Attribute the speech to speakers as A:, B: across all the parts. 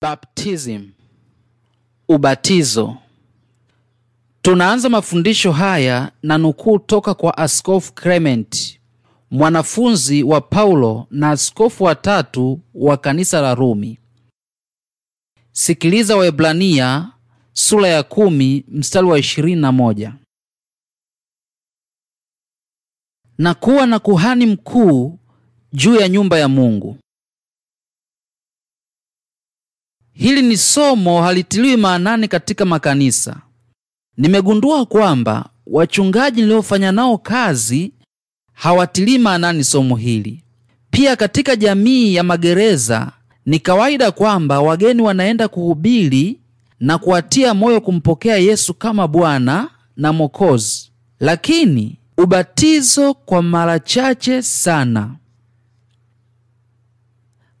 A: Baptism, ubatizo. Tunaanza mafundisho haya na nukuu toka kwa Askofu Clement, mwanafunzi wa Paulo na askofu watatu wa kanisa la Rumi. Sikiliza Waebrania sura ya kumi mstari wa ishirini na moja. Na kuwa na kuhani mkuu juu ya nyumba ya Mungu hili ni somo halitiliwi maanani katika makanisa. Nimegundua kwamba wachungaji niliofanya nao kazi hawatilii maanani somo hili. Pia katika jamii ya magereza ni kawaida kwamba wageni wanaenda kuhubiri na kuwatia moyo kumpokea Yesu kama Bwana na Mwokozi, lakini ubatizo kwa mara chache sana.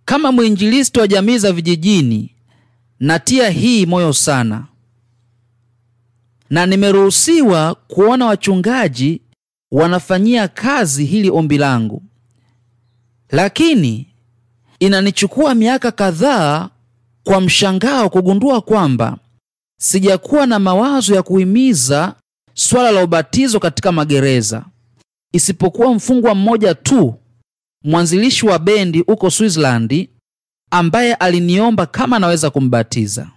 A: Kama mwinjilisti wa jamii za vijijini natia hii moyo sana, na nimeruhusiwa kuona wachungaji wanafanyia kazi hili ombi langu, lakini inanichukua miaka kadhaa kwa mshangao kugundua kwamba sijakuwa na mawazo ya kuhimiza swala la ubatizo katika magereza, isipokuwa mfungwa mmoja tu, mwanzilishi wa bendi huko Switzerland, ambaye aliniomba kama naweza kumbatiza.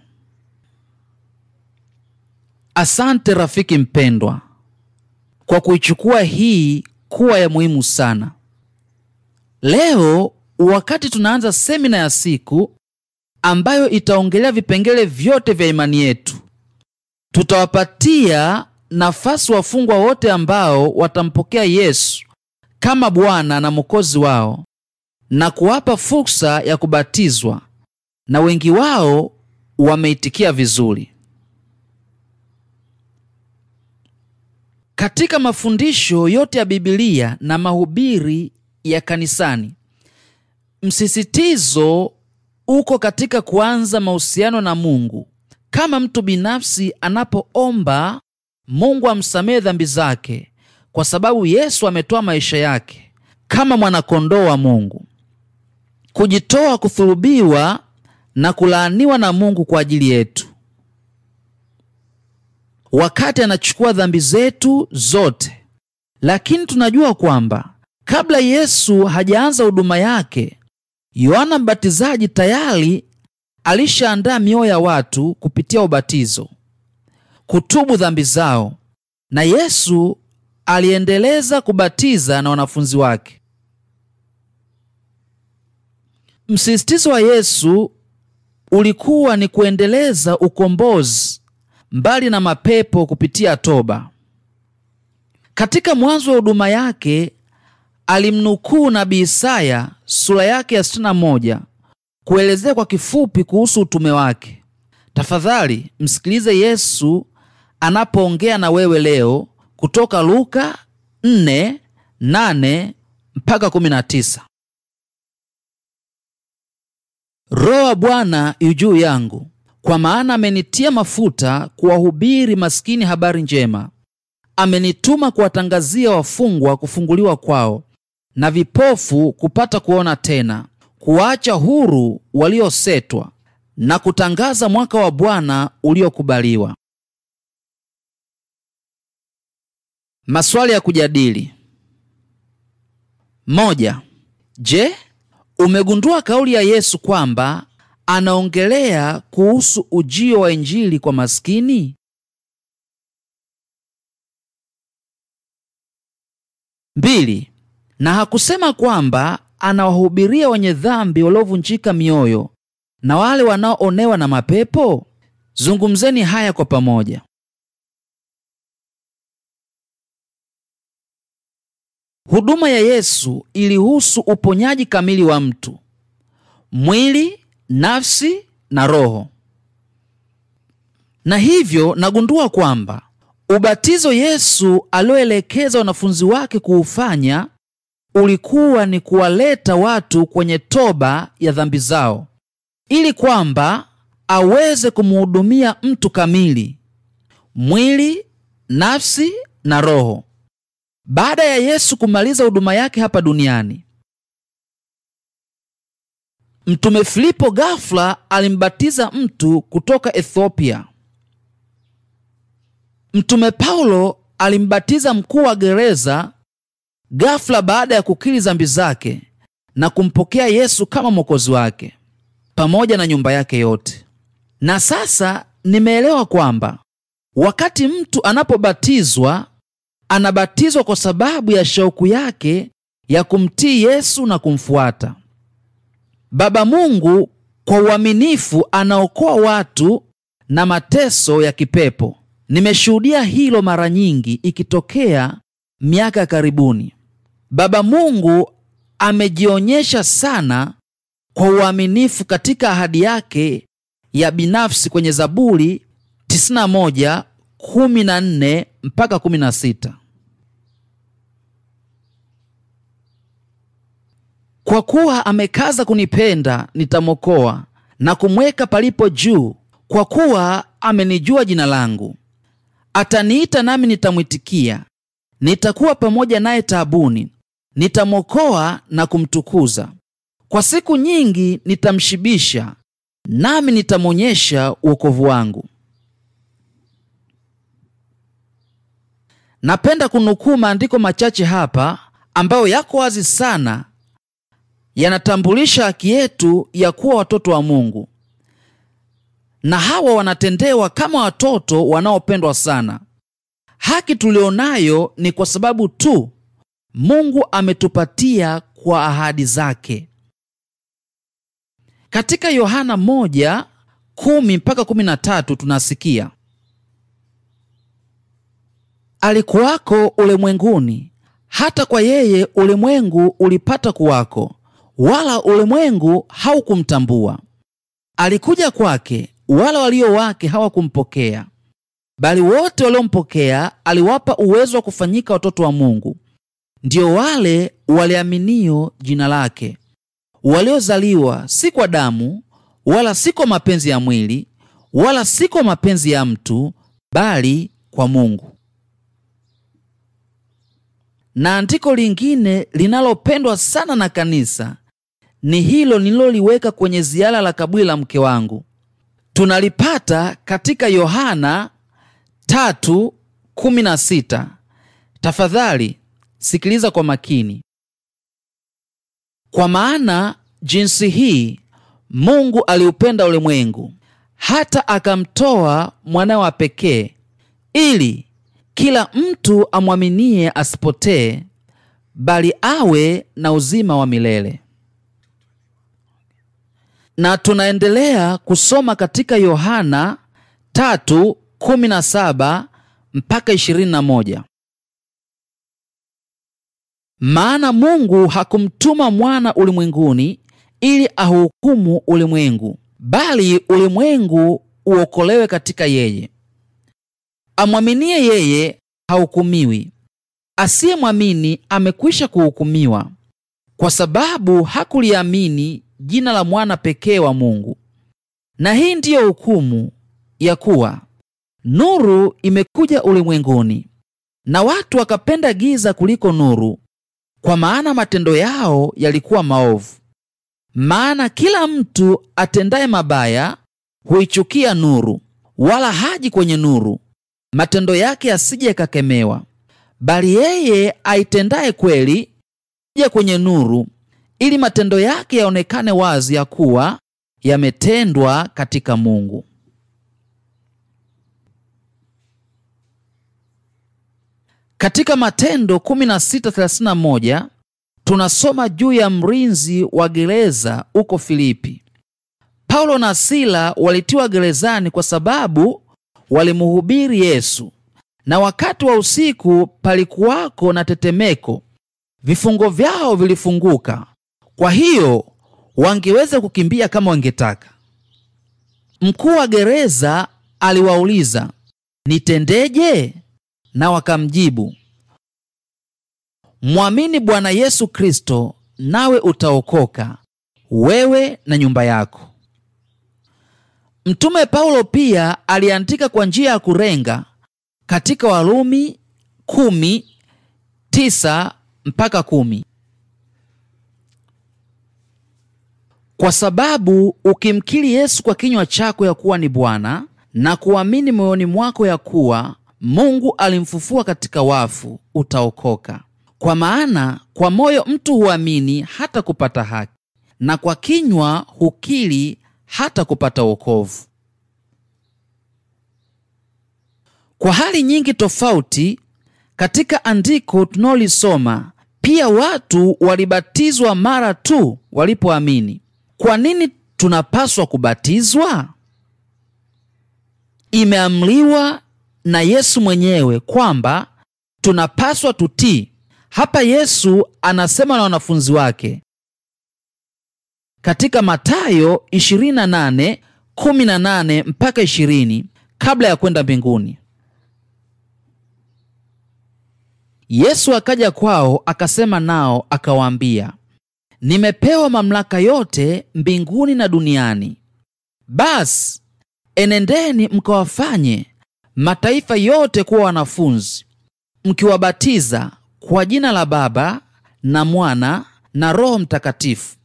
A: Asante rafiki mpendwa kwa kuichukua hii kuwa ya muhimu sana. Leo wakati tunaanza semina ya siku ambayo itaongelea vipengele vyote vya imani yetu, tutawapatia nafasi wafungwa wote ambao watampokea Yesu kama Bwana na Mwokozi wao na kuwapa fursa ya kubatizwa, na wengi wao wameitikia vizuri. Katika mafundisho yote ya Biblia na mahubiri ya kanisani, msisitizo uko katika kuanza mahusiano na Mungu. Kama mtu binafsi anapoomba Mungu amsamehe dhambi zake, kwa sababu Yesu ametoa maisha yake kama mwanakondoo wa Mungu kujitoa kudhulubiwa na kulaaniwa na Mungu kwa ajili yetu, wakati anachukua dhambi zetu zote. Lakini tunajua kwamba kabla Yesu hajaanza huduma yake, Yohana Mbatizaji tayari alishaandaa mioyo ya watu kupitia ubatizo kutubu dhambi zao, na Yesu aliendeleza kubatiza na wanafunzi wake. Msisitizo wa Yesu ulikuwa ni kuendeleza ukombozi mbali na mapepo kupitia toba. Katika mwanzo wa huduma yake alimnukuu nabii Isaya sura yake ya 61 kuelezea kwa kifupi kuhusu utume wake. Tafadhali msikilize Yesu anapoongea na wewe leo kutoka Luka 4:8 mpaka 19. Roho wa Bwana yu juu yangu, kwa maana amenitia mafuta kuwahubiri maskini habari njema, amenituma kuwatangazia wafungwa kufunguliwa kwao, na vipofu kupata kuona tena, kuwaacha huru waliosetwa, na kutangaza mwaka wa Bwana uliokubaliwa. Maswali ya kujadili: moja. Je, Umegundua kauli ya Yesu kwamba anaongelea kuhusu ujio wa injili kwa maskini? Mbili, na hakusema kwamba anawahubiria wenye dhambi waliovunjika mioyo na wale wanaoonewa na mapepo? Zungumzeni haya kwa pamoja. Huduma ya Yesu ilihusu uponyaji kamili wa mtu, mwili, nafsi na roho. Na hivyo nagundua kwamba ubatizo Yesu alioelekeza wanafunzi wake kuufanya ulikuwa ni kuwaleta watu kwenye toba ya dhambi zao, ili kwamba aweze kumhudumia mtu kamili, mwili, nafsi na roho. Baada ya Yesu kumaliza huduma yake hapa duniani, Mtume Filipo ghafla alimbatiza mtu kutoka Ethiopia. Mtume Paulo alimbatiza mkuu wa gereza ghafla baada ya kukiri dhambi zake na kumpokea Yesu kama mwokozi wake pamoja na nyumba yake yote. Na sasa nimeelewa kwamba wakati mtu anapobatizwa anabatizwa kwa sababu ya shauku yake ya kumtii Yesu na kumfuata. Baba Mungu kwa uaminifu anaokoa watu na mateso ya kipepo. Nimeshuhudia hilo mara nyingi ikitokea miaka karibuni. Baba Mungu amejionyesha sana kwa uaminifu katika ahadi yake ya binafsi kwenye Zaburi 91:14 mpaka 16. Kwa kuwa amekaza kunipenda nitamokoa na kumweka palipo juu, kwa kuwa amenijua jina langu. Ataniita nami nitamwitikia, nitakuwa pamoja naye taabuni, nitamokoa na kumtukuza. Kwa siku nyingi nitamshibisha, nami nitamwonyesha uokovu wangu. Napenda kunukuu maandiko machache hapa ambayo yako wazi sana yanatambulisha haki yetu ya kuwa watoto wa Mungu, na hawa wanatendewa kama watoto wanaopendwa sana. Haki tulionayo ni kwa sababu tu Mungu ametupatia kwa ahadi zake. Katika Yohana 1:10 mpaka 13 tunasikia, alikuwako ulimwenguni, hata kwa yeye ulimwengu ulipata kuwako, wala ulimwengu haukumtambua. Alikuja kwake, wala walio wake hawakumpokea, bali wote waliompokea aliwapa uwezo wa kufanyika watoto wa Mungu, ndio wale waliaminio jina lake, waliozaliwa si kwa damu, wala si kwa mapenzi ya mwili, wala si kwa mapenzi ya mtu, bali kwa Mungu. Na andiko lingine linalopendwa sana na kanisa ni hilo nililoliweka kwenye ziara la kaburi la mke wangu. Tunalipata katika Yohana 3:16. Tafadhali sikiliza kwa makini. Kwa maana jinsi hii Mungu aliupenda ulimwengu hata akamtoa mwanawe wa pekee, ili kila mtu amwaminie asipotee, bali awe na uzima wa milele na tunaendelea kusoma katika Yohana 3:17 mpaka 21. Maana Mungu hakumtuma mwana ulimwenguni ili ahukumu ulimwengu, bali ulimwengu uokolewe katika yeye. Amwaminie yeye hahukumiwi, asiyemwamini amekwisha kuhukumiwa, kwa sababu hakuliamini jina la mwana pekee wa Mungu. Na hii ndiyo hukumu ya kuwa nuru imekuja ulimwenguni, na watu wakapenda giza kuliko nuru, kwa maana matendo yao yalikuwa maovu. Maana kila mtu atendaye mabaya huichukia nuru, wala haji kwenye nuru, matendo yake asije yakakemewa. Bali yeye aitendaye kweli huja kwenye nuru ili matendo yake yaonekane wazi ya kuwa yametendwa katika Mungu. Katika Matendo 16:31 tunasoma juu ya mlinzi wa gereza huko Filipi. Paulo na Sila walitiwa gerezani kwa sababu walimhubiri Yesu, na wakati wa usiku palikuwako na tetemeko, vifungo vyao vilifunguka, kwa hiyo wangeweza kukimbia kama wangetaka. Mkuu wa gereza aliwauliza, nitendeje? Na wakamjibu, mwamini Bwana Yesu Kristo nawe utaokoka wewe na nyumba yako. Mtume Paulo pia aliandika kwa njia ya kurenga katika Warumi kumi tisa mpaka kumi. kwa sababu ukimkiri Yesu kwa kinywa chako ya kuwa ni Bwana na kuamini moyoni mwako ya kuwa Mungu alimfufua katika wafu, utaokoka. Kwa maana kwa moyo mtu huamini hata kupata haki, na kwa kinywa hukiri hata kupata wokovu. Kwa hali nyingi tofauti katika andiko tunaolisoma, pia watu walibatizwa mara tu walipoamini. Kwa nini tunapaswa kubatizwa? Imeamriwa na Yesu mwenyewe kwamba tunapaswa tutii. Hapa Yesu anasema na wanafunzi wake katika Mathayo 28:18 mpaka 20, kabla ya kwenda mbinguni. Yesu akaja kwao akasema nao akawaambia nimepewa mamlaka yote mbinguni na duniani. Basi enendeni mkawafanye mataifa yote kuwa wanafunzi, mkiwabatiza kwa jina la Baba na Mwana na Roho Mtakatifu,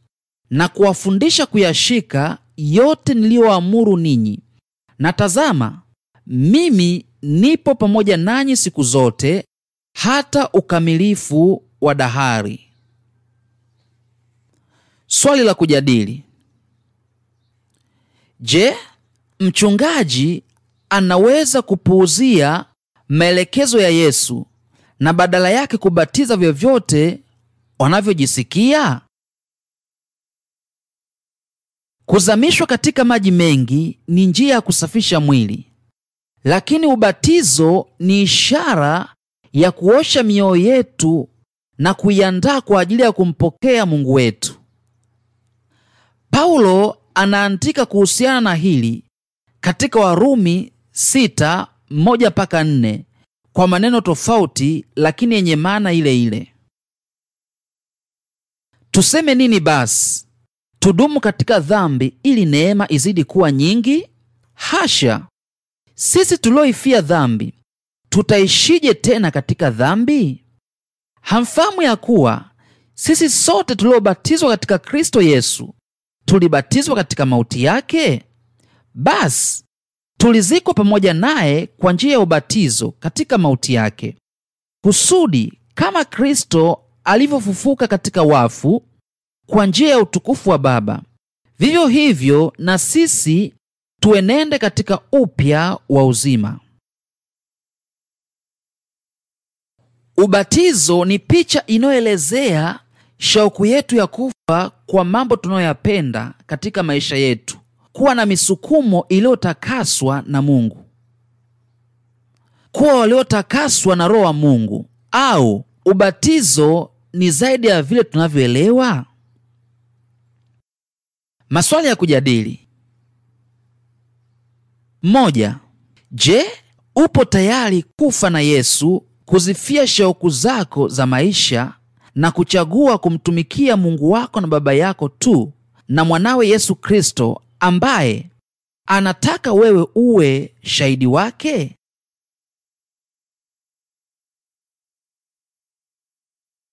A: na kuwafundisha kuyashika yote niliyoamuru ninyi. Na tazama, mimi nipo pamoja nanyi siku zote hata ukamilifu wa dahari. Swali la kujadili: Je, mchungaji anaweza kupuuzia maelekezo ya Yesu na badala yake kubatiza vyovyote wanavyojisikia? Kuzamishwa katika maji mengi ni njia ya kusafisha mwili, lakini ubatizo ni ishara ya kuosha mioyo yetu na kuiandaa kwa ajili ya kumpokea Mungu wetu. Paulo anaandika kuhusiana na hili katika Warumi 6:1-4 kwa maneno tofauti lakini yenye maana ile ile. Tuseme nini basi? Tudumu katika dhambi ili neema izidi kuwa nyingi? Hasha! Sisi tulioifia dhambi tutaishije tena katika dhambi? Hamfahamu ya kuwa sisi sote tuliobatizwa katika Kristo Yesu tulibatizwa katika mauti yake? Basi tulizikwa pamoja naye kwa njia ya ubatizo katika mauti yake, kusudi kama Kristo alivyofufuka katika wafu kwa njia ya utukufu wa Baba, vivyo hivyo na sisi tuenende katika upya wa uzima. Ubatizo ni picha inayoelezea Shauku yetu ya kufa kwa mambo tunayoyapenda katika maisha yetu, kuwa na misukumo iliyotakaswa na Mungu, kuwa waliotakaswa na Roho wa Mungu. Au ubatizo ni zaidi ya vile tunavyoelewa? Maswali ya kujadili: moja. Je, upo tayari kufa na Yesu kuzifia shauku zako za maisha na kuchagua kumtumikia Mungu wako na Baba yako tu na mwanawe Yesu Kristo ambaye anataka wewe uwe shahidi wake?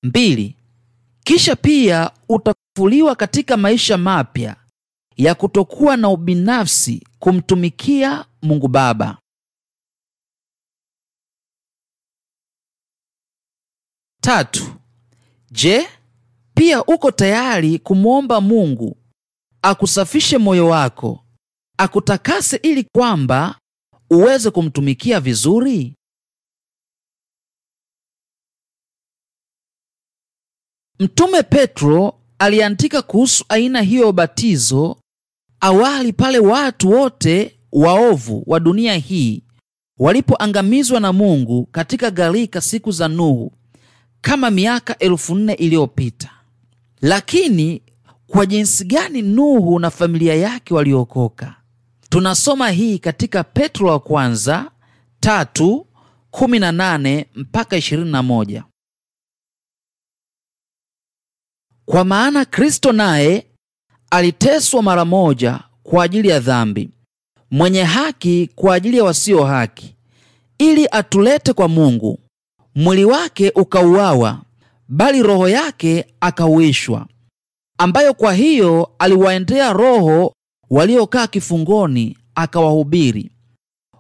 A: Mbili, kisha pia utafufuliwa katika maisha mapya ya kutokuwa na ubinafsi kumtumikia Mungu Baba. Tatu, Je, pia uko tayari kumwomba Mungu akusafishe moyo wako, akutakase ili kwamba uweze kumtumikia vizuri? Mtume Petro aliandika kuhusu aina hiyo ya ubatizo awali pale watu wote waovu wa dunia hii walipoangamizwa na Mungu katika gharika siku za Nuhu kama miaka elfu nne iliyopita. Lakini kwa jinsi gani Nuhu na familia yake waliokoka? Tunasoma hii katika Petro wa kwanza tatu kumi na nane mpaka ishirini na moja. Kwa maana Kristo naye aliteswa mara moja kwa ajili ya dhambi, mwenye haki kwa ajili ya wasio haki, ili atulete kwa Mungu, mwili wake ukauawa, bali roho yake akauishwa, ambayo kwa hiyo aliwaendea roho waliokaa kifungoni, akawahubiri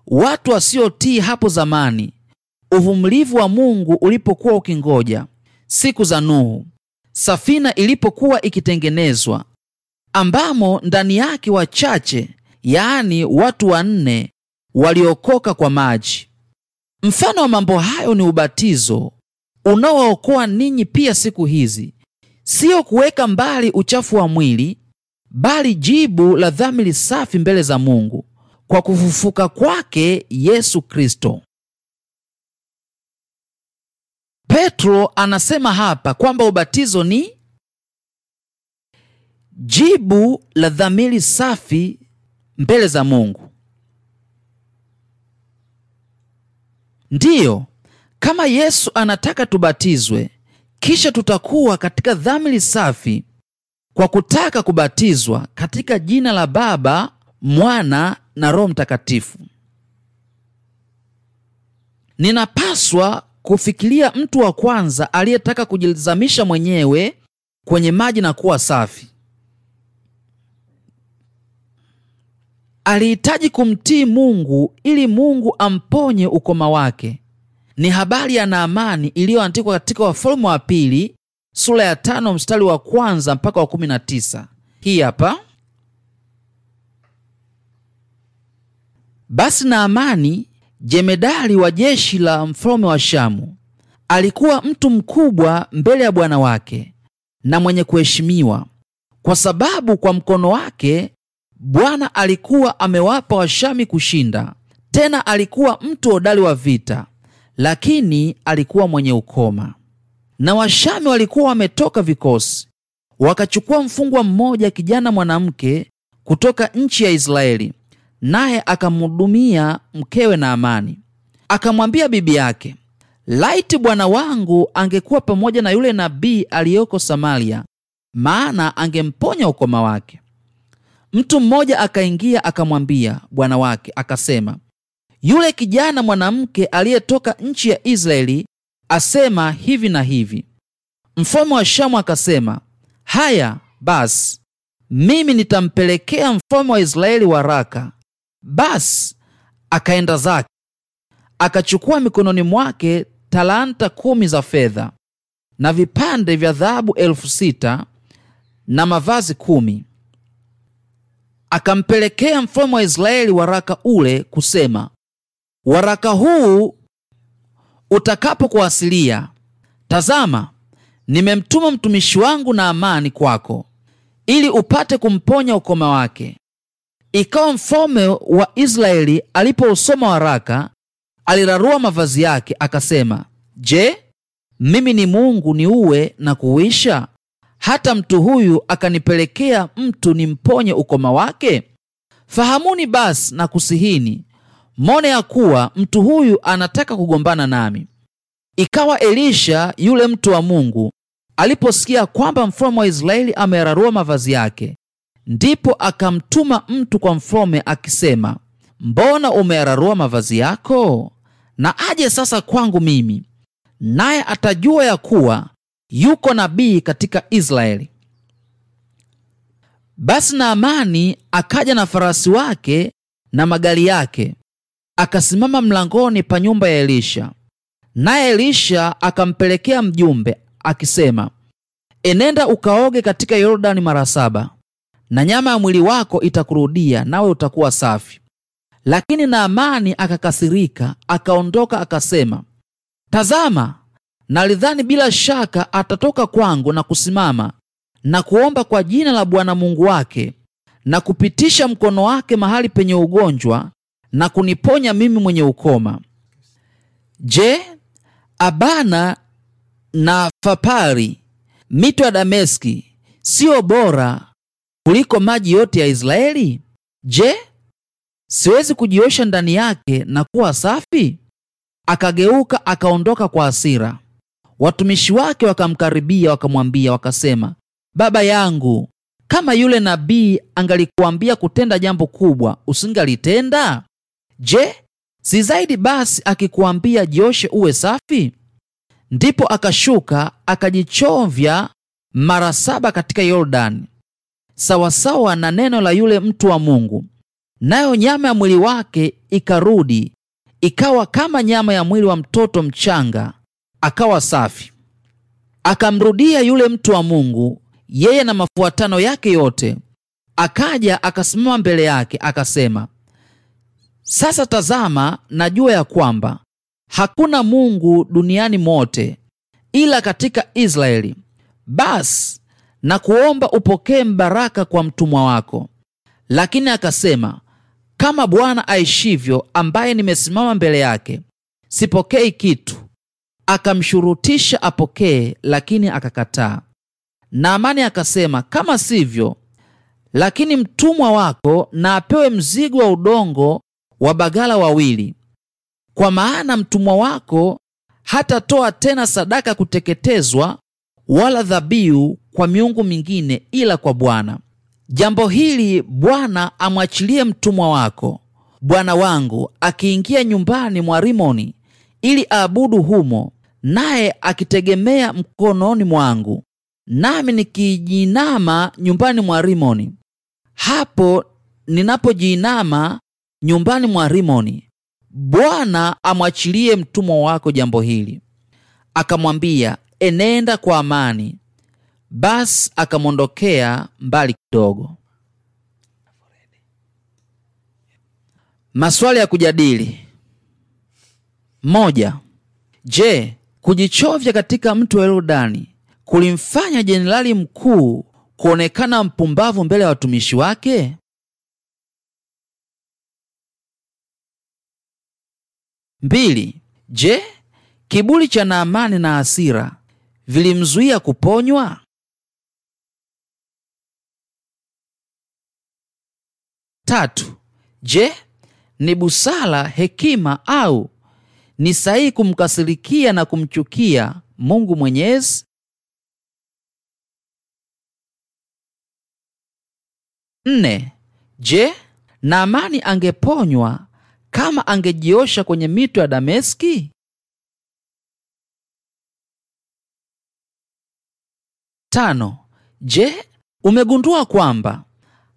A: watu wasiotii hapo zamani, uvumilivu wa Mungu ulipokuwa ukingoja siku za Nuhu, safina ilipokuwa ikitengenezwa, ambamo ndani yake wachache, yaani watu wanne waliokoka kwa maji. Mfano wa mambo hayo ni ubatizo unaookoa ninyi pia siku hizi, sio kuweka mbali uchafu wa mwili, bali jibu la dhamiri safi mbele za Mungu kwa kufufuka kwake Yesu Kristo. Petro anasema hapa kwamba ubatizo ni jibu la dhamiri safi mbele za Mungu Ndiyo, kama Yesu anataka tubatizwe, kisha tutakuwa katika dhamili safi kwa kutaka kubatizwa katika jina la Baba, Mwana na Roho Mtakatifu. Ninapaswa kufikiria mtu wa kwanza aliyetaka kujilizamisha mwenyewe kwenye maji na kuwa safi. Alihitaji kumtii Mungu ili Mungu amponye ukoma wake. Ni habari ya Naamani iliyoandikwa katika wafalume wa Pili sula ya tano mstari wa kwanza mpaka wa kumi na tisa. Hii hapa: basi Naamani jemedali wa jeshi la mfalume wa Shamu alikuwa mtu mkubwa mbele ya bwana wake na mwenye kuheshimiwa, kwa sababu kwa mkono wake Bwana alikuwa amewapa Washami kushinda, tena alikuwa mtu hodari wa vita, lakini alikuwa mwenye ukoma. Na Washami walikuwa wametoka vikosi, wakachukua mfungwa mmoja, kijana mwanamke kutoka nchi ya Israeli, naye akamhudumia mkewe na amani. Akamwambia bibi yake, laiti bwana wangu angekuwa pamoja na yule nabii aliyoko Samaria, maana angemponya ukoma wake. Mtu mmoja akaingia akamwambia bwana wake akasema, yule kijana mwanamke aliyetoka nchi ya Israeli asema hivi na hivi. Mfalme wa Shamu akasema, haya basi, mimi nitampelekea mfalme wa Israeli waraka. Basi akaenda zake akachukua mikononi mwake talanta kumi za fedha na vipande vya dhahabu elfu sita na mavazi kumi akampelekea mfalme wa Israeli waraka ule kusema, waraka huu utakapokuwasilia, tazama, nimemtuma mtumishi wangu na amani kwako, ili upate kumponya ukoma wake. Ikawa mfalme wa Israeli alipousoma waraka, alirarua mavazi yake, akasema, Je, mimi ni Mungu niuwe na kuwisha hata mtu huyu akanipelekea mtu nimponye ukoma wake? Fahamuni basi na kusihini, mone ya kuwa mtu huyu anataka kugombana nami. Ikawa Elisha yule mtu wa Mungu aliposikia kwamba mfalme wa Israeli amerarua mavazi yake, ndipo akamtuma mtu kwa mfalme akisema, mbona umeyararua mavazi yako? Na aje sasa kwangu mimi, naye atajua ya kuwa yuko nabii katika Israeli. Basi Naamani akaja na farasi wake na magari yake, akasimama mlangoni pa nyumba ya Elisha. Naye Elisha akampelekea mjumbe akisema, enenda ukaoge katika Yordani mara saba, na nyama ya mwili wako itakurudia, nawe utakuwa safi. Lakini Naamani akakasirika, akaondoka akasema, tazama na bila shaka atatoka kwangu na kusimama na kuomba kwa jina la Bwana Mungu wake na kupitisha mkono wake mahali penye ugonjwa na kuniponya mimi mwenye ukoma. Je, Abana na Fapari, mito ya Dameski, siyo bora kuliko maji yote ya Israeli? Je, siwezi kujiosha ndani yake na kuwa safi? Akageuka akaondoka kwa hasira. Watumishi wake wakamkaribia wakamwambia, wakasema, baba yangu, kama yule nabii angalikuambia kutenda jambo kubwa, usingalitenda? Je, si zaidi basi akikuambia jioshe uwe safi? Ndipo akashuka akajichovya mara saba katika Yordani sawasawa na neno la yule mtu wa Mungu, nayo nyama ya mwili wake ikarudi ikawa kama nyama ya mwili wa mtoto mchanga, akawa safi. Akamrudia yule mtu wa Mungu, yeye na mafuatano yake yote, akaja akasimama mbele yake akasema, sasa tazama, najua ya kwamba hakuna Mungu duniani mote ila katika Israeli. Basi na kuomba upokee mbaraka kwa mtumwa wako. Lakini akasema, kama Bwana aishivyo, ambaye nimesimama mbele yake, sipokei kitu akamshurutisha apokee, lakini akakataa. Naamani akasema, kama sivyo, lakini mtumwa wako na apewe mzigo wa udongo wa bagala wawili, kwa maana mtumwa wako hatatoa tena sadaka kuteketezwa wala dhabihu kwa miungu mingine ila kwa Bwana. Jambo hili Bwana amwachilie mtumwa wako. Bwana wangu akiingia nyumbani mwa Rimoni ili aabudu humo, naye akitegemea mkononi mwangu, nami nikijiinama nyumbani mwa Rimoni. Hapo ninapojiinama nyumbani mwa Rimoni, Bwana amwachilie mtumwa wako jambo hili. Akamwambia, enenda kwa amani. Basi akamwondokea mbali kidogo. Maswali ya kujadili. Moja. Je, kujichovya katika mto Yordani kulimfanya jenerali mkuu kuonekana mpumbavu mbele ya watumishi wake? Mbili. Je, kiburi cha Naamani na hasira vilimzuia kuponywa? Tatu. Je, ni busara, hekima au ni sahihi kumkasirikia na kumchukia Mungu Mwenyezi? Nne. Je, Naamani angeponywa kama angejiosha kwenye mito ya Dameski? Tano. Je, umegundua kwamba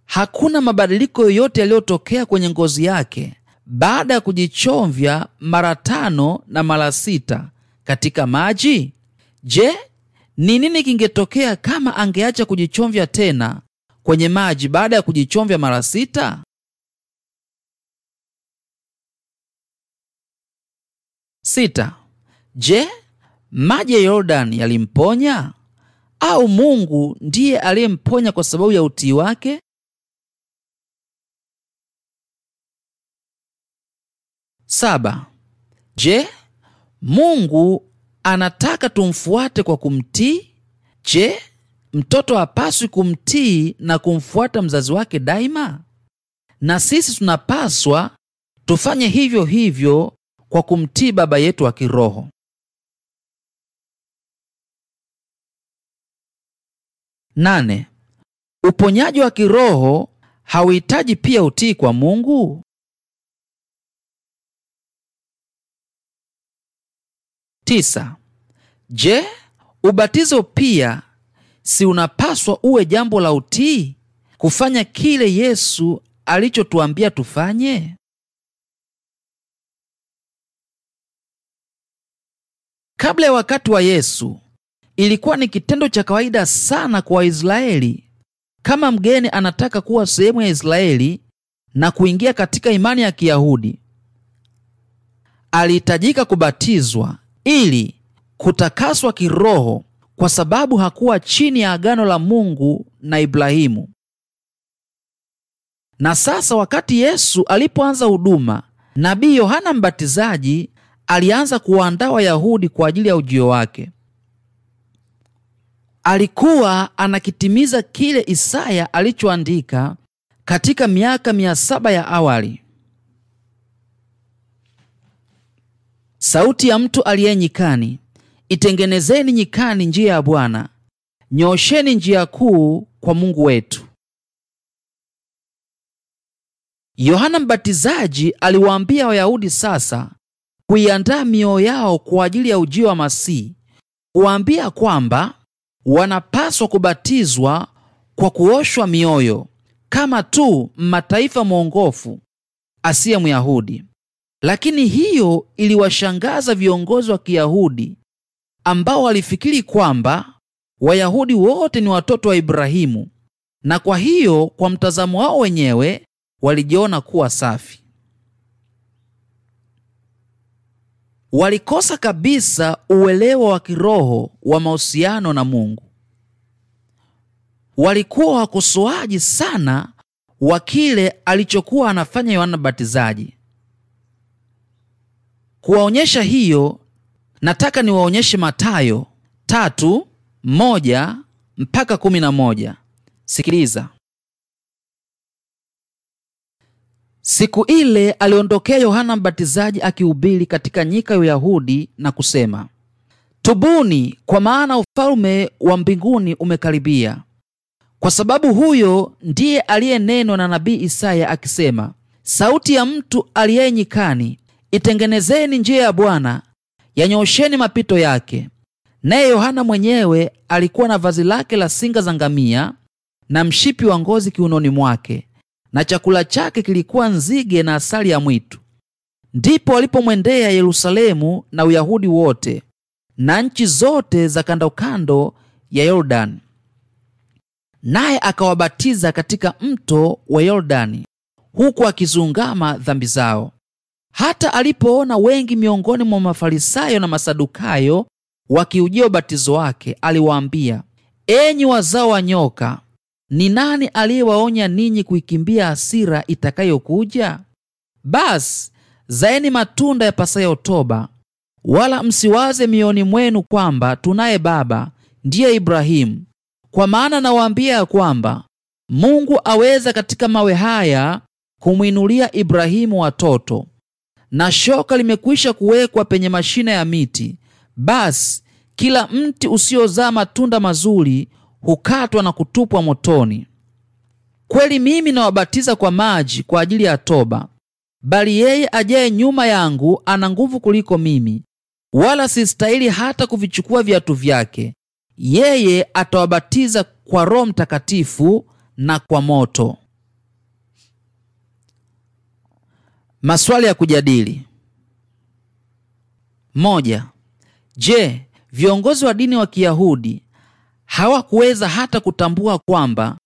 A: hakuna mabadiliko yoyote yaliyotokea kwenye ngozi yake baada ya kujichovya mara tano na mara sita katika maji? Je, ni nini kingetokea kama angeacha kujichovya tena kwenye maji baada ya kujichovya mara sita? Sita. Je, maji ya Yordani yalimponya au Mungu ndiye aliyemponya kwa sababu ya utii wake? Saba. Je, Mungu anataka tumfuate kwa kumtii? Je, mtoto hapaswi kumtii na kumfuata mzazi wake daima? Na sisi tunapaswa tufanye hivyo hivyo kwa kumtii baba yetu wa kiroho. Nane. Uponyaji wa kiroho hauhitaji pia utii kwa Mungu? tisa. Je, ubatizo pia si unapaswa uwe jambo la utii, kufanya kile Yesu alichotuambia tufanye? Kabla ya wakati wa Yesu, ilikuwa ni kitendo cha kawaida sana kwa Waisraeli, kama mgeni anataka kuwa sehemu ya Israeli na kuingia katika imani ya Kiyahudi, alihitajika kubatizwa ili kutakaswa kiroho, kwa sababu hakuwa chini ya agano la Mungu na Ibrahimu. Na sasa wakati Yesu alipoanza huduma, nabii Yohana Mbatizaji alianza kuwaandaa Wayahudi kwa ajili ya ujio wake. Alikuwa anakitimiza kile Isaya alichoandika katika miaka mia saba ya awali. sauti ya mtu aliye nyikani, itengenezeni nyikani njia ya Bwana, nyoosheni njia kuu kwa Mungu wetu. Yohana Mbatizaji aliwaambia Wayahudi sasa kuiandaa mioyo yao kwa ajili ya ujio wa Masihi, kuwaambia kwamba wanapaswa kubatizwa kwa kuoshwa mioyo kama tu mataifa mwongofu asiye Myahudi lakini hiyo iliwashangaza viongozi wa Kiyahudi ambao walifikiri kwamba Wayahudi wote ni watoto wa Ibrahimu, na kwa hiyo kwa mtazamo wao wenyewe walijiona kuwa safi. Walikosa kabisa uelewa wa kiroho wa mahusiano na Mungu. Walikuwa wakosoaji sana wa kile alichokuwa anafanya Yohana Mbatizaji Kuwaonyesha hiyo, nataka niwaonyeshe matayo tatu moja mpaka kumi na moja. Sikiliza. Siku ile aliondokea Yohana Mbatizaji akihubiri katika nyika ya Uyahudi na kusema, tubuni, kwa maana ufalume wa mbinguni umekaribia. Kwa sababu huyo ndiye aliyenenwa na nabii Isaya akisema, sauti ya mtu aliye nyikani, Itengenezeni njia ya Bwana, yanyosheni mapito yake. Naye Yohana mwenyewe alikuwa na vazi lake la singa za ngamia na mshipi wa ngozi kiunoni mwake, na chakula chake kilikuwa nzige na asali ya mwitu. Ndipo alipomwendea Yerusalemu na Uyahudi wote na nchi zote za kando kando ya Yordani, naye akawabatiza katika mto wa Yordani, huku akizungama dhambi zao. Hata alipoona wengi miongoni mwa Mafarisayo na Masadukayo wakiujia ubatizo wake, aliwaambia, enyi wazao wa nyoka, ni nani aliyewaonya ninyi kuikimbia asira itakayokuja? Basi zaeni matunda yapasayo toba, wala msiwaze mioyoni mwenu kwamba tunaye baba ndiye Ibrahimu. Kwa maana nawaambia ya kwamba Mungu aweza katika mawe haya kumwinulia Ibrahimu watoto na shoka limekwisha kuwekwa penye mashina ya miti, basi kila mti usiozaa matunda mazuri hukatwa na kutupwa motoni. Kweli mimi nawabatiza kwa maji kwa ajili ya toba, bali yeye ajaye nyuma yangu ana nguvu kuliko mimi, wala sistahili hata kuvichukua viatu vyake. Yeye atawabatiza kwa Roho Mtakatifu na kwa moto. Maswali ya kujadili: moja. Je, viongozi wa dini wa Kiyahudi hawakuweza hata kutambua kwamba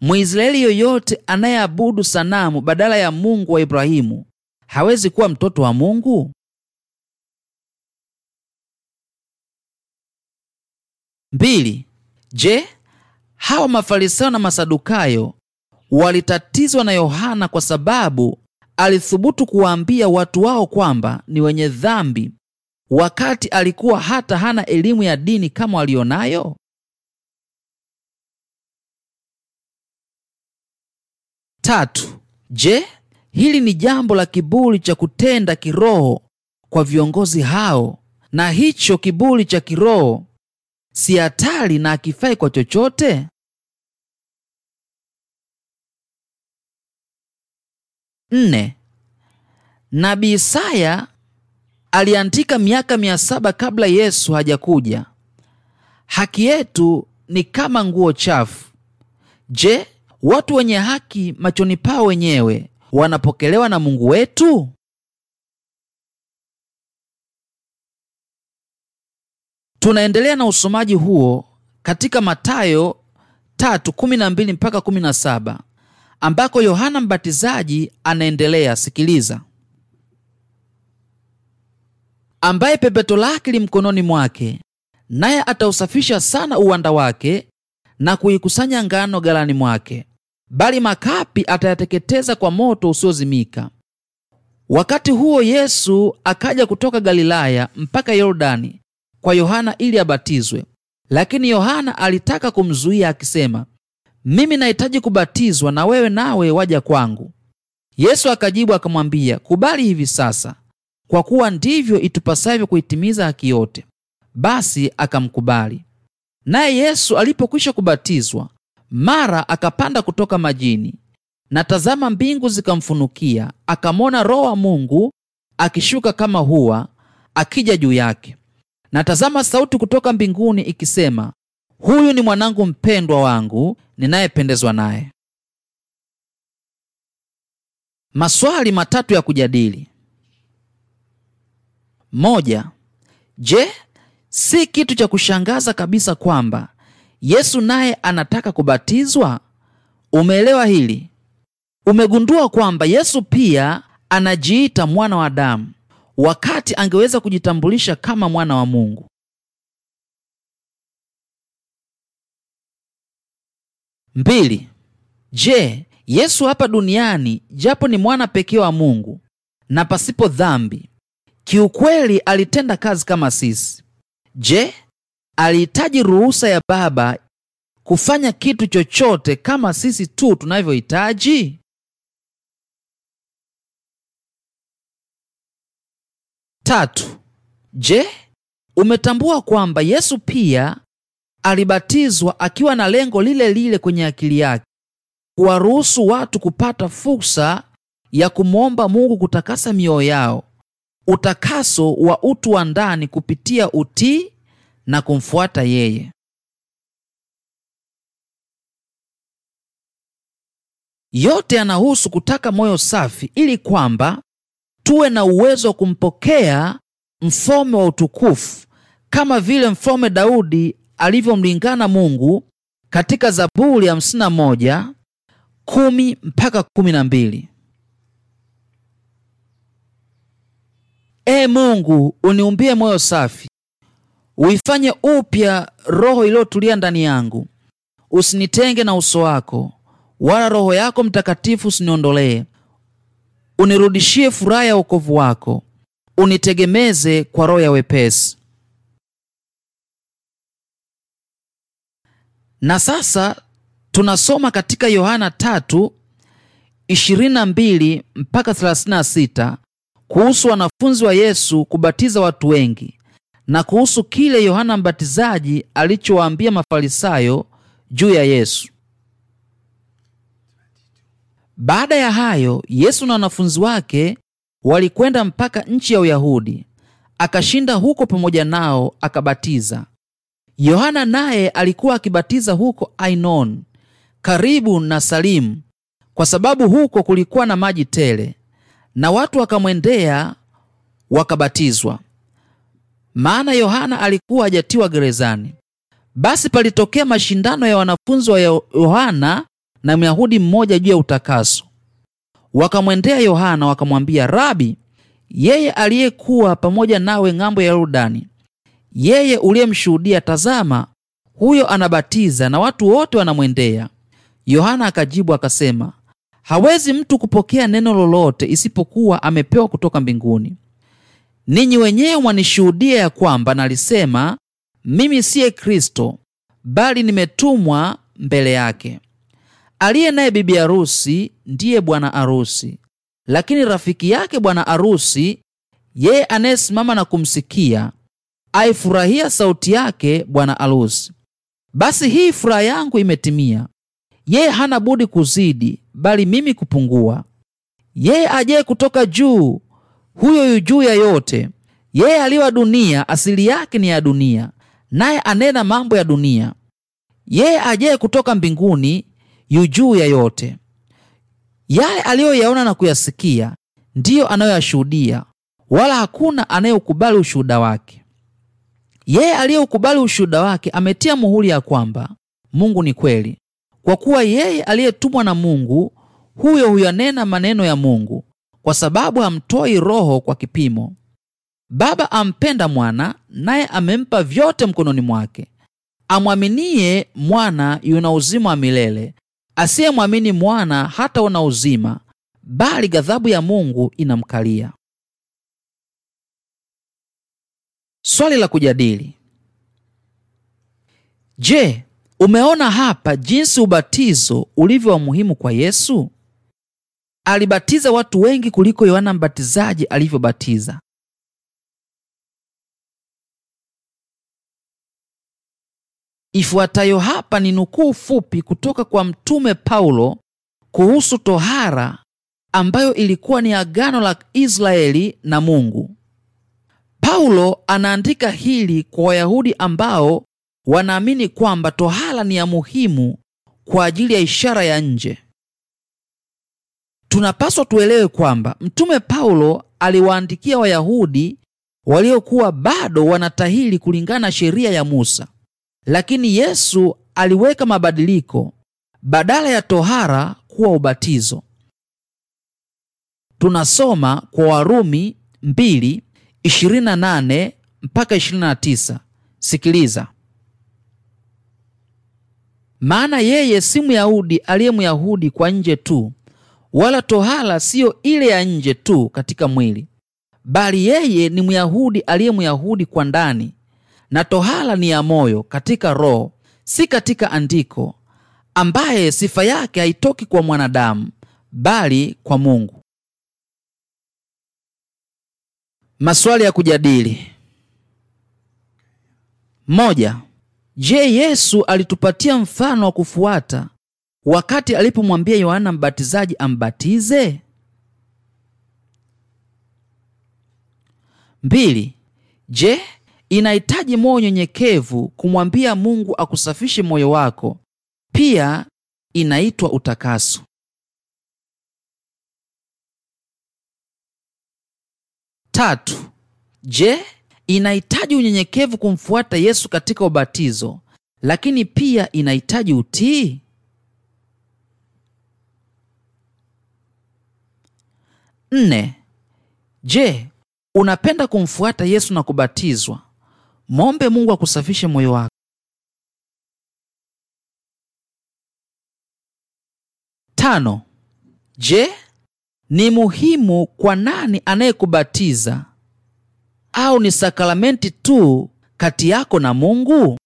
A: Mwisraeli yoyote anayeabudu sanamu badala ya Mungu wa Ibrahimu hawezi kuwa mtoto wa Mungu? Mbili. Je, hawa Mafarisayo na Masadukayo walitatizwa na Yohana kwa sababu alithubutu kuwaambia watu wao kwamba ni wenye dhambi wakati alikuwa hata hana elimu ya dini kama walionayo? Tatu, je, hili ni jambo la kiburi cha kutenda kiroho kwa viongozi hao, na hicho kiburi cha kiroho si hatari na akifai kwa chochote? nne nabii Isaya aliandika miaka mia saba kabla Yesu hajakuja. Haki yetu ni kama nguo chafu. Je, watu wenye haki machoni pao wenyewe wanapokelewa na Mungu wetu? Tunaendelea na usomaji huo katika matayo 3:12 mpaka ambako Yohana Mbatizaji anaendelea. Sikiliza, ambaye pepeto lake li mkononi mwake, naye atausafisha sana uwanda wake na kuikusanya ngano galani mwake, bali makapi atayateketeza kwa moto usiozimika. Wakati huo Yesu akaja kutoka Galilaya mpaka Yordani kwa Yohana ili abatizwe, lakini Yohana alitaka kumzuia akisema mimi nahitaji kubatizwa na wewe nawe waja kwangu? Yesu akajibu akamwambia, kubali hivi sasa, kwa kuwa ndivyo itupasavyo kuitimiza haki yote. Basi akamkubali. Naye Yesu alipokwisha kubatizwa, mara akapanda kutoka majini, na tazama, mbingu zikamfunukia, akamwona Roho wa Mungu akishuka kama huwa akija juu yake, na tazama, sauti kutoka mbinguni ikisema, huyu ni mwanangu mpendwa wangu ninayependezwa naye. Maswali matatu ya kujadili. Moja, je, si kitu cha kushangaza kabisa kwamba Yesu naye anataka kubatizwa? Umeelewa hili? Umegundua kwamba Yesu pia anajiita mwana wa Adamu wakati angeweza kujitambulisha kama mwana wa Mungu. Mbili, je, Yesu hapa duniani japo ni mwana pekee wa Mungu na pasipo dhambi, kiukweli alitenda kazi kama sisi. Je, alihitaji ruhusa ya Baba kufanya kitu chochote kama sisi tu tunavyohitaji? Tatu, je, umetambua kwamba Yesu pia alibatizwa akiwa na lengo lile lile kwenye akili yake, kuwaruhusu watu kupata fursa ya kumwomba Mungu kutakasa mioyo yao, utakaso wa utu wa ndani kupitia utii na kumfuata yeye. Yote yanahusu kutaka moyo safi ili kwamba tuwe na uwezo wa kumpokea mfalme wa utukufu kama vile Mfalme Daudi alivyomlingana Mungu katika Zaburi ya hamsini na moja kumi mpaka kumi na mbili. Ee Mungu, uniumbie moyo safi, uifanye upya roho iliyotulia ndani yangu. Usinitenge na uso wako, wala Roho yako Mtakatifu usiniondolee. Unirudishie furaha ya wokovu wako, unitegemeze kwa roho ya wepesi. Na sasa tunasoma katika Yohana 3:22 mpaka 36 kuhusu wanafunzi wa Yesu kubatiza watu wengi na kuhusu kile Yohana Mbatizaji alichowaambia Mafarisayo juu ya Yesu. Baada ya hayo, Yesu na wanafunzi wake walikwenda mpaka nchi ya Uyahudi, akashinda huko pamoja nao, akabatiza. Yohana naye alikuwa akibatiza huko Ainon karibu na Salimu, kwa sababu huko kulikuwa na maji tele, na watu wakamwendea wakabatizwa, maana Yohana alikuwa hajatiwa gerezani. Basi palitokea mashindano ya wanafunzi wa Yohana na Myahudi mmoja juu ya utakaso. Wakamwendea Yohana wakamwambia, Rabi, yeye aliyekuwa pamoja nawe ng'ambo ya Yordani yeye uliyemshuhudia, tazama, huyo anabatiza na watu wote wanamwendea. Yohana akajibu akasema, hawezi mtu kupokea neno lolote isipokuwa amepewa kutoka mbinguni. Ninyi wenyewe mwanishuhudia ya kwamba nalisema mimi siye Kristo, bali nimetumwa mbele yake. Aliye naye bibi arusi ndiye bwana arusi lakini rafiki yake bwana arusi yeye anayesimama na kumsikia aifurahia sauti yake bwana arusi. Basi hii furaha yangu imetimia. Yeye hana budi kuzidi, bali mimi kupungua. Yeye ajeye kutoka juu, huyo yu juu ya yote. Yeye aliwa dunia, asili yake ni ya dunia, naye anena mambo ya dunia. Yeye ajeye kutoka mbinguni, yu juu ya yote. Yale aliyoyaona na kuyasikia ndiyo anayoyashuhudia, wala hakuna anayeukubali ushuhuda wake. Yeye aliyeukubali ushuhuda wake ametia muhuri ya kwamba Mungu ni kweli, kwa kuwa yeye aliyetumwa na Mungu huyo huyanena maneno ya Mungu, kwa sababu hamtoi Roho kwa kipimo. Baba ampenda Mwana, naye amempa vyote mkononi mwake. amwaminiye Mwana yuna uzima wa milele, asiyemwamini Mwana hata una uzima, bali ghadhabu ya Mungu inamkalia. Swali la kujadili: Je, umeona hapa jinsi ubatizo ulivyo wa muhimu kwa Yesu? Alibatiza watu wengi kuliko Yohana Mbatizaji alivyobatiza. Ifuatayo hapa ni nukuu fupi kutoka kwa Mtume Paulo kuhusu tohara ambayo ilikuwa ni agano la Israeli na Mungu. Paulo anaandika hili kwa Wayahudi ambao wanaamini kwamba tohala ni ya muhimu kwa ajili ya ishara ya nje. Tunapaswa tuelewe kwamba Mtume Paulo aliwaandikia Wayahudi waliokuwa bado wanatahiri kulingana na sheria ya Musa, lakini Yesu aliweka mabadiliko, badala ya tohara kuwa ubatizo. Tunasoma kwa Warumi mbili 28 mpaka 29. Sikiliza. Maana yeye si Myahudi aliye Myahudi kwa nje tu, wala tohala siyo ile ya nje tu katika mwili, bali yeye ni Myahudi aliye Myahudi kwa ndani, na tohala ni ya moyo katika roho, si katika andiko, ambaye sifa yake haitoki kwa mwanadamu, bali kwa Mungu. Maswali ya kujadili: moja. Je, Yesu alitupatia mfano wa kufuata wakati alipomwambia Yohana Mbatizaji ambatize? Mbili. Je, inahitaji moyo nyenyekevu kumwambia Mungu akusafishe moyo wako? Pia inaitwa utakaso. Tatu, je, inahitaji unyenyekevu kumfuata Yesu katika ubatizo, lakini pia inahitaji utii? Nne, je, unapenda kumfuata Yesu na kubatizwa? Mwombe Mungu akusafishe moyo wako. Tano, je ni muhimu kwa nani anayekubatiza au ni sakramenti tu kati yako na Mungu?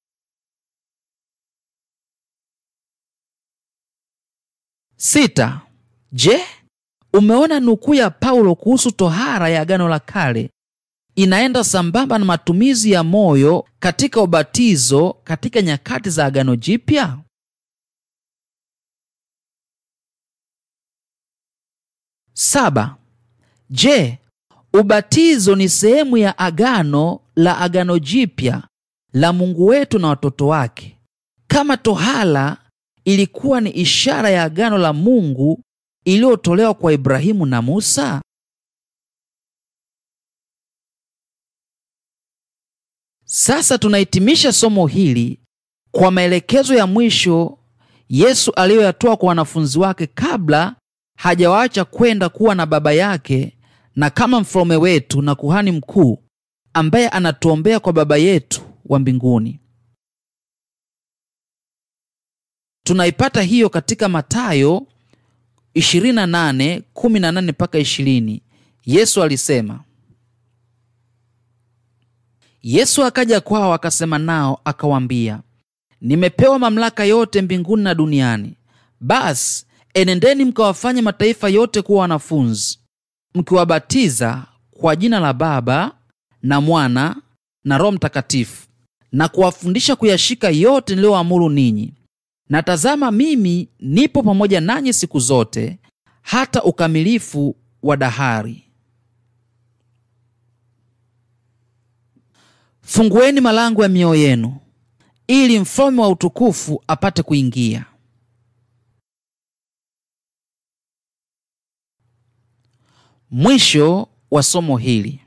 A: Sita. Je, umeona nukuu ya Paulo kuhusu tohara ya Agano la Kale inaenda sambamba na matumizi ya moyo katika ubatizo katika nyakati za Agano Jipya? Saba. Je, ubatizo ni sehemu ya agano la agano jipya la Mungu wetu na watoto wake, kama tohala ilikuwa ni ishara ya agano la Mungu iliyotolewa kwa Ibrahimu na Musa? Sasa tunahitimisha somo hili kwa maelekezo ya mwisho Yesu aliyoyatoa kwa wanafunzi wake kabla hajawacha kwenda kuwa na baba yake na kama mfalme wetu na kuhani mkuu ambaye anatuombea kwa Baba yetu wa mbinguni. Tunaipata hiyo katika matayo 28:18 mpaka 20. Yesu alisema, Yesu akaja kwao akasema nao akawambia nimepewa mamlaka yote mbinguni na duniani. Basi enendeni mkawafanye mataifa yote kuwa wanafunzi, mkiwabatiza kwa jina la Baba na Mwana na Roho Mtakatifu, na kuwafundisha kuyashika yote niliyoamuru ninyi. Na tazama, mimi nipo pamoja nanyi siku zote hata ukamilifu wa dahari. Fungueni malango ya mioyo yenu ili mfalme wa utukufu apate kuingia. Mwisho wa somo hili.